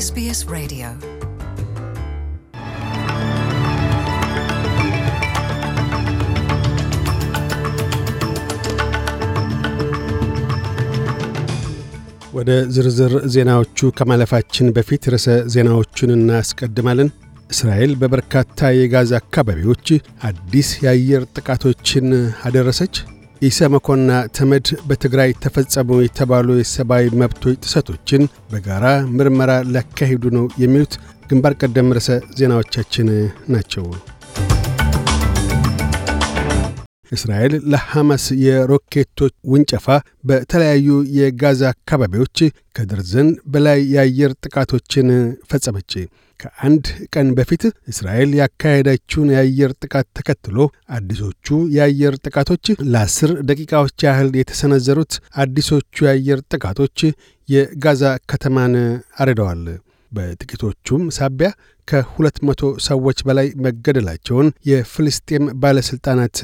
SBS Radio ወደ ዝርዝር ዜናዎቹ ከማለፋችን በፊት ርዕሰ ዜናዎቹን እናስቀድማለን። እስራኤል በበርካታ የጋዛ አካባቢዎች አዲስ የአየር ጥቃቶችን አደረሰች። ኢሰመኮና ተመድ በትግራይ ተፈጸሙ የተባሉ የሰብአዊ መብቶች ጥሰቶችን በጋራ ምርመራ ሊያካሂዱ ነው የሚሉት ግንባር ቀደም ርዕሰ ዜናዎቻችን ናቸው። እስራኤል ለሐማስ የሮኬቶች ውንጨፋ በተለያዩ የጋዛ አካባቢዎች ከድርዘን በላይ የአየር ጥቃቶችን ፈጸመች። ከአንድ ቀን በፊት እስራኤል ያካሄደችውን የአየር ጥቃት ተከትሎ አዲሶቹ የአየር ጥቃቶች ለአስር ደቂቃዎች ያህል የተሰነዘሩት አዲሶቹ የአየር ጥቃቶች የጋዛ ከተማን አርደዋል። በጥቂቶቹም ሳቢያ ከ200 ሰዎች በላይ መገደላቸውን የፍልስጤም ባለሥልጣናት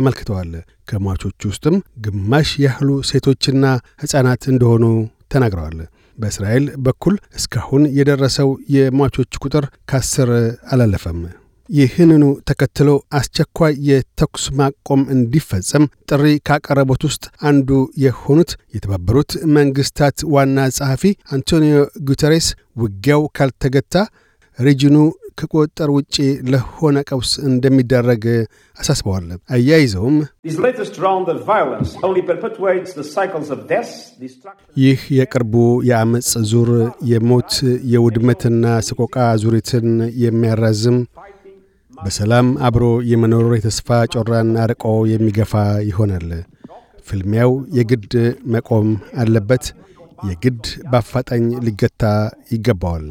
አመልክተዋል። ከሟቾቹ ውስጥም ግማሽ ያህሉ ሴቶችና ሕፃናት እንደሆኑ ተናግረዋል። በእስራኤል በኩል እስካሁን የደረሰው የሟቾች ቁጥር ከአስር አላለፈም። ይህንኑ ተከትሎ አስቸኳይ የተኩስ ማቆም እንዲፈጸም ጥሪ ካቀረቡት ውስጥ አንዱ የሆኑት የተባበሩት መንግስታት ዋና ጸሐፊ አንቶኒዮ ጉተሬስ ውጊያው ካልተገታ ሪጅኑ ከቁጥጥር ውጪ ለሆነ ቀውስ እንደሚዳረግ አሳስበዋል። አያይዘውም ይህ የቅርቡ የአመፅ ዙር የሞት የውድመትና ስቆቃ ዙሪትን የሚያራዝም በሰላም አብሮ የመኖሩ የተስፋ ጮራን አርቆ የሚገፋ ይሆናል። ፍልሚያው የግድ መቆም አለበት። የግድ በአፋጣኝ ሊገታ ይገባዋል።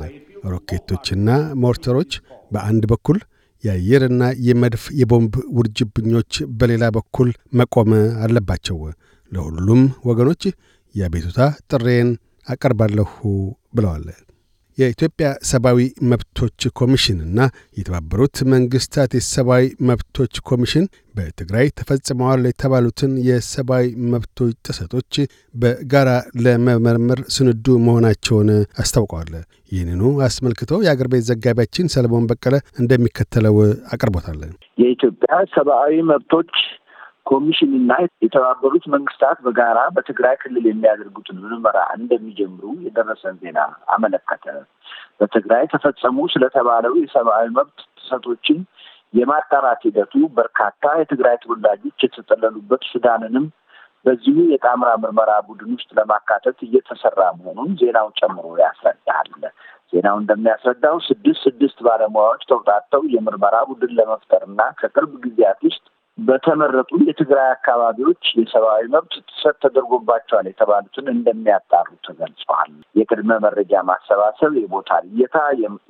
ሮኬቶችና ሞርተሮች በአንድ በኩል የአየርና የመድፍ የቦምብ ውርጅብኞች በሌላ በኩል መቆም አለባቸው። ለሁሉም ወገኖች የአቤቱታ ጥሬን አቀርባለሁ ብለዋል። የኢትዮጵያ ሰብአዊ መብቶች ኮሚሽንና የተባበሩት መንግስታት የሰብአዊ መብቶች ኮሚሽን በትግራይ ተፈጽመዋል የተባሉትን የሰብአዊ መብቶች ጥሰቶች በጋራ ለመመርመር ስንዱ መሆናቸውን አስታውቀዋል። ይህንኑ አስመልክቶ የአገር ቤት ዘጋቢያችን ሰለሞን በቀለ እንደሚከተለው አቅርቦታል። የኢትዮጵያ ሰብአዊ መብቶች ኮሚሽንና የተባበሩት መንግስታት በጋራ በትግራይ ክልል የሚያደርጉትን ምርመራ እንደሚጀምሩ የደረሰን ዜና አመለከተ። በትግራይ ተፈጸሙ ስለተባለው የሰብአዊ መብት ጥሰቶችን የማጣራት ሂደቱ በርካታ የትግራይ ተወላጆች የተጠለሉበት ሱዳንንም በዚሁ የጣምራ ምርመራ ቡድን ውስጥ ለማካተት እየተሰራ መሆኑን ዜናው ጨምሮ ያስረዳል። ዜናው እንደሚያስረዳው ስድስት ስድስት ባለሙያዎች ተውጣጥተው የምርመራ ቡድን ለመፍጠርና ከቅርብ ጊዜያት ውስጥ በተመረጡ የትግራይ አካባቢዎች የሰብአዊ መብት ጥሰት ተደርጎባቸዋል የተባሉትን እንደሚያጣሩ ተገልጸዋል። የቅድመ መረጃ ማሰባሰብ፣ የቦታ ልየታ፣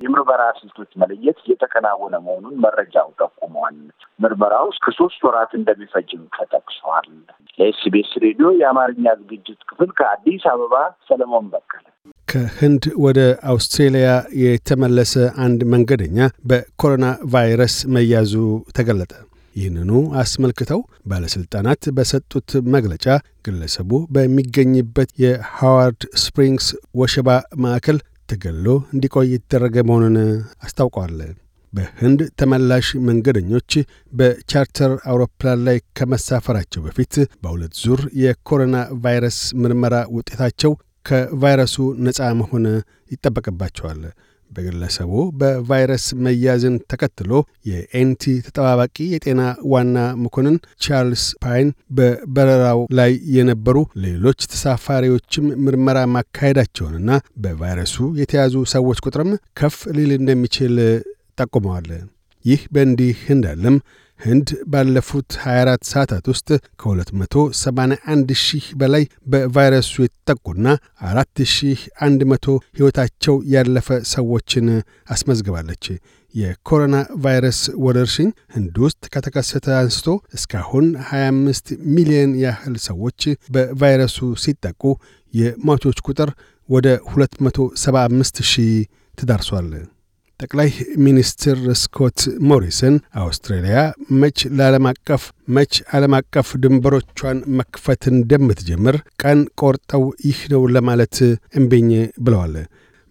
የምርመራ ስልቶች መለየት እየተከናወነ መሆኑን መረጃው ጠቁመዋል። ምርመራው እስከ ሶስት ወራት እንደሚፈጅም ተጠቅሰዋል። ለኤስቢኤስ ሬዲዮ የአማርኛ ዝግጅት ክፍል ከአዲስ አበባ ሰለሞን በቀለ። ከህንድ ወደ አውስትሬሊያ የተመለሰ አንድ መንገደኛ በኮሮና ቫይረስ መያዙ ተገለጠ። ይህንኑ አስመልክተው ባለሥልጣናት በሰጡት መግለጫ ግለሰቡ በሚገኝበት የሃዋርድ ስፕሪንግስ ወሸባ ማዕከል ተገሎ እንዲቆይ የተደረገ መሆኑን አስታውቋል። በህንድ ተመላሽ መንገደኞች በቻርተር አውሮፕላን ላይ ከመሳፈራቸው በፊት በሁለት ዙር የኮሮና ቫይረስ ምርመራ ውጤታቸው ከቫይረሱ ነፃ መሆን ይጠበቅባቸዋል። በግለሰቡ በቫይረስ መያዝን ተከትሎ የኤንቲ ተጠባባቂ የጤና ዋና መኮንን ቻርልስ ፓይን በበረራው ላይ የነበሩ ሌሎች ተሳፋሪዎችም ምርመራ ማካሄዳቸውንና በቫይረሱ የተያዙ ሰዎች ቁጥርም ከፍ ሊል እንደሚችል ጠቁመዋል። ይህ በእንዲህ እንዳለም ህንድ ባለፉት 24 ሰዓታት ውስጥ ከ281 ሺህ በላይ በቫይረሱ የተጠቁና 4100 ሕይወታቸው ያለፈ ሰዎችን አስመዝግባለች። የኮሮና ቫይረስ ወረርሽኝ ህንድ ውስጥ ከተከሰተ አንስቶ እስካሁን 25 ሚሊዮን ያህል ሰዎች በቫይረሱ ሲጠቁ የሟቾች ቁጥር ወደ 275 ሺህ ትዳርሷል። ጠቅላይ ሚኒስትር ስኮት ሞሪሰን አውስትራሊያ መች ለዓለም አቀፍ መች ዓለም አቀፍ ድንበሮቿን መክፈት እንደምትጀምር ቀን ቆርጠው ይህ ነው ለማለት እምቢኝ ብለዋል።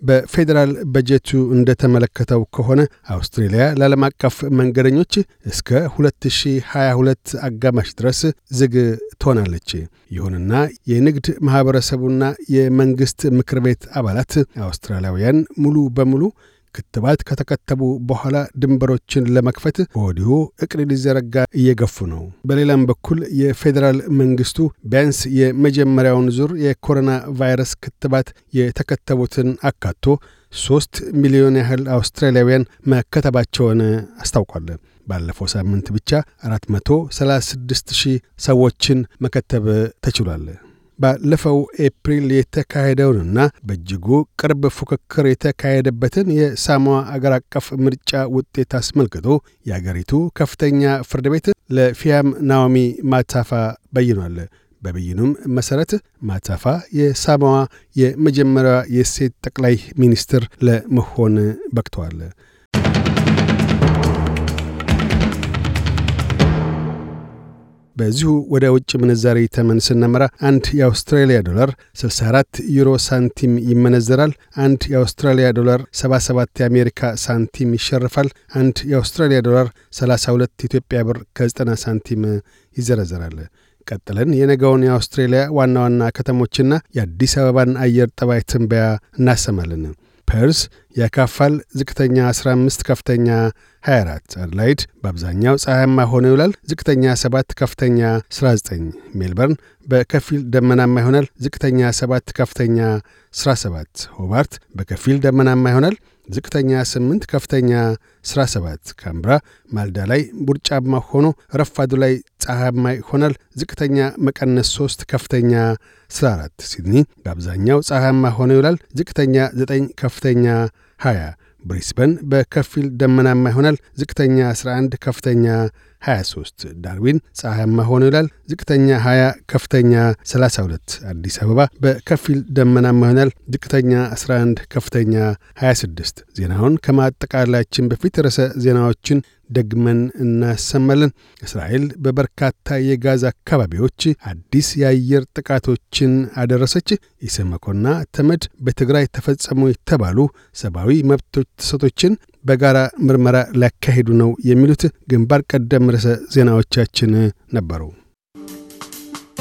በፌዴራል በጀቱ እንደተመለከተው ከሆነ አውስትሬልያ ለዓለም አቀፍ መንገደኞች እስከ 2022 አጋማሽ ድረስ ዝግ ትሆናለች። ይሁንና የንግድ ማኅበረሰቡና የመንግሥት ምክር ቤት አባላት አውስትራሊያውያን ሙሉ በሙሉ ክትባት ከተከተቡ በኋላ ድንበሮችን ለመክፈት ከወዲሁ እቅድ ሊዘረጋ እየገፉ ነው። በሌላም በኩል የፌዴራል መንግስቱ ቢያንስ የመጀመሪያውን ዙር የኮሮና ቫይረስ ክትባት የተከተቡትን አካቶ ሶስት ሚሊዮን ያህል አውስትራሊያውያን መከተባቸውን አስታውቋል። ባለፈው ሳምንት ብቻ 436 ሺህ ሰዎችን መከተብ ተችሏል። ባለፈው ኤፕሪል የተካሄደውንና በእጅጉ ቅርብ ፉክክር የተካሄደበትን የሳሞዋ አገር አቀፍ ምርጫ ውጤት አስመልክቶ የአገሪቱ ከፍተኛ ፍርድ ቤት ለፊያም ናኦሚ ማታፋ በይኗል። በብይኑም መሠረት ማታፋ የሳሞዋ የመጀመሪያ የሴት ጠቅላይ ሚኒስትር ለመሆን በቅተዋል። በዚሁ ወደ ውጭ ምንዛሪ ተመን ስናመራ አንድ የአውስትራሊያ ዶላር 64 ዩሮ ሳንቲም ይመነዘራል። አንድ የአውስትራሊያ ዶላር 77 የአሜሪካ ሳንቲም ይሸርፋል። አንድ የአውስትራሊያ ዶላር 32 ኢትዮጵያ ብር ከ90 ሳንቲም ይዘረዘራል። ቀጥለን የነገውን የአውስትሬሊያ ዋና ዋና ከተሞችና የአዲስ አበባን አየር ጠባይ ትንበያ እናሰማለን። ፐርስ ያካፋል። ዝቅተኛ 15፣ ከፍተኛ 24። አድላይድ በአብዛኛው ፀሐያማ ሆኖ ይውላል። ዝቅተኛ 7 ከፍተኛ 19። ሜልበርን በከፊል ደመናማ ይሆናል። ዝቅተኛ 7 ከፍተኛ 17። ሆባርት በከፊል ደመናማ ይሆናል። ዝቅተኛ 8 ከፍተኛ 17። ካምብራ ማልዳ ላይ ቡርጫማ ሆኖ ረፋዱ ላይ ፀሐያማ ይሆናል። ዝቅተኛ መቀነስ 3 ከፍተኛ 14። ሲድኒ በአብዛኛው ፀሐያማ ሆኖ ይውላል። ዝቅተኛ 9 ከፍተኛ 20 ብሪስበን በከፊል ደመናማ ይሆናል። ዝቅተኛ 11፣ ከፍተኛ 23። ዳርዊን ፀሐያማ ሆኖ ይላል። ዝቅተኛ 20፣ ከፍተኛ 32። አዲስ አበባ በከፊል ደመናማ ይሆናል። ዝቅተኛ 11፣ ከፍተኛ 26። ዜናውን ከማጠቃላችን በፊት ርዕሰ ዜናዎችን ደግመን እናሰማለን። እስራኤል በበርካታ የጋዛ አካባቢዎች አዲስ የአየር ጥቃቶችን አደረሰች። ኢሰመኮና ተመድ በትግራይ ተፈጸሙ የተባሉ ሰብአዊ መብቶች ጥሰቶችን በጋራ ምርመራ ሊያካሄዱ ነው የሚሉት ግንባር ቀደም ርዕሰ ዜናዎቻችን ነበሩ።